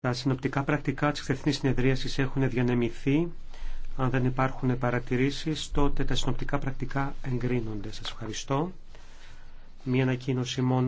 Τα συνοπτικά πρακτικά της χθεθνής συνεδρίασης έχουν διανεμηθεί. Αν δεν υπάρχουν παρατηρήσεις, τότε τα συνοπτικά πρακτικά εγκρίνονται. Σας ευχαριστώ. Μία ανακοίνωση μόνο.